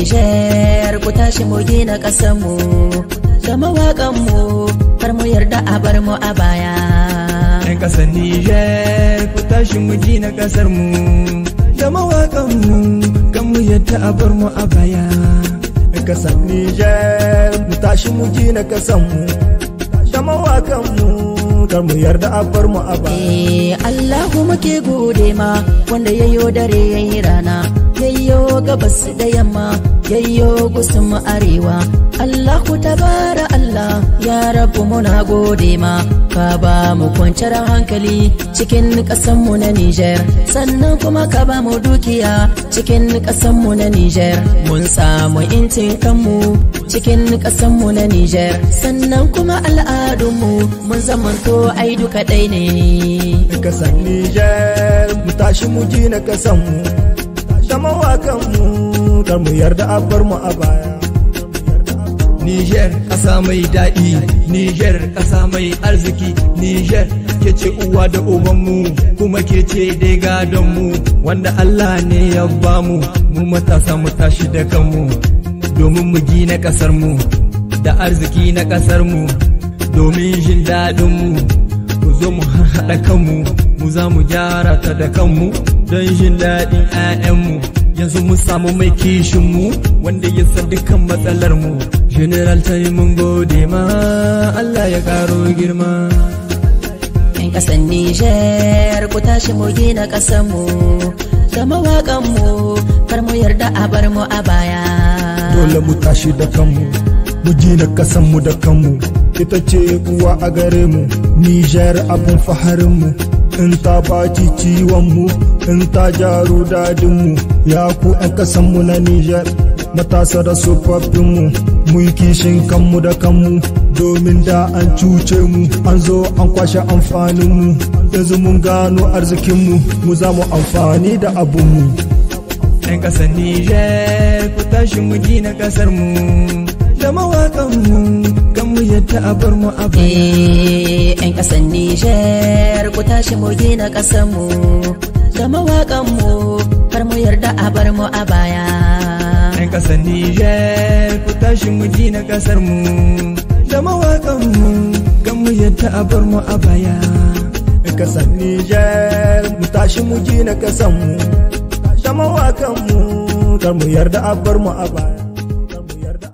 Nijar ku tashi mu gina ƙasarmu da mawaƙanmu har mu yarda a bar mu a baya. ‘Yan ƙasar Nijar ku tashi mu gina ƙasarmu da mawaƙanmu kan mu yarda a bar mu a baya. ‘Yan ƙasar Nijar mu tashi mu gina ƙasarmu da mawaƙanmu kan mu yarda a bar mu a baya. Eh, Allahu muke gode ma wanda ya yo dare ya yi rana. gabas da yamma yayyo mu arewa Allahu tabara Allah ya rabu muna gode ma ka ba mu kwanciyar hankali cikin ƙasanmu na Nijar sannan kuma ka ba mu dukiya cikin ƙasanmu na Niger mun samu incin kanmu cikin ƙasanmu na Nijar sannan kuma al'adunmu mun zamanto ai duka ɗai ne. Ƙasar kasan mu tashi mu ji na ƙasanmu kanmu kar mu yarda a bar mu a baya Niger ƙasa mai daɗi Niger ƙasa mai arziki Niger ke ce uwa da ubanmu kuma ke ce dai gadonmu wanda Allah ne ya bamu mu mu matasa mu tashi da kanmu domin mu gina ƙasarmu da arziki na ƙasarmu domin jin daɗinmu mu zo mu haɗa kanmu mu za mu gyara ta da kanmu don jin daɗin 'ya'yanmu yanzu mun samu mai kishin mu wanda ya san dukkan matsalar mu general tai mun gode ma Allah ya karo girma in kasan Niger ku tashi mu gina kasan mu da mawakan mu kar mu yarda a bar mu a baya dole mu tashi da kanmu mu gina kasan mu da kanmu ita ce uwa a gare mu Niger abun faharin mu in ta baci ciwonmu in ta jaru dadinmu ya ku 'yan ƙasanmu na Nijar matasa da tsofaffinmu mun kishin kanmu da kanmu domin da an cuce mu an zo an kwashe amfaninmu yanzu mun gano arzikinmu mu za mu amfani da abinmu. in ƙasar Nijar ku tashi mu gina ƙasarmu da mawaƙanmu ta a mu a baya. ‘Yan eh, ƙasan Nijar ku tashi mu gina ƙasar mu zama mawaƙan mu har mu yarda a bar mu a baya. Ƴan ƙasan Nijar ku tashi mu gina ƙasar mu zama mawaƙan mu kan mu yarda a bar mu a baya. Ƴan ƙasan Nijar mu tashi mu gina ƙasar mu zama mawaƙan mu kar mu yarda a bar mu a baya.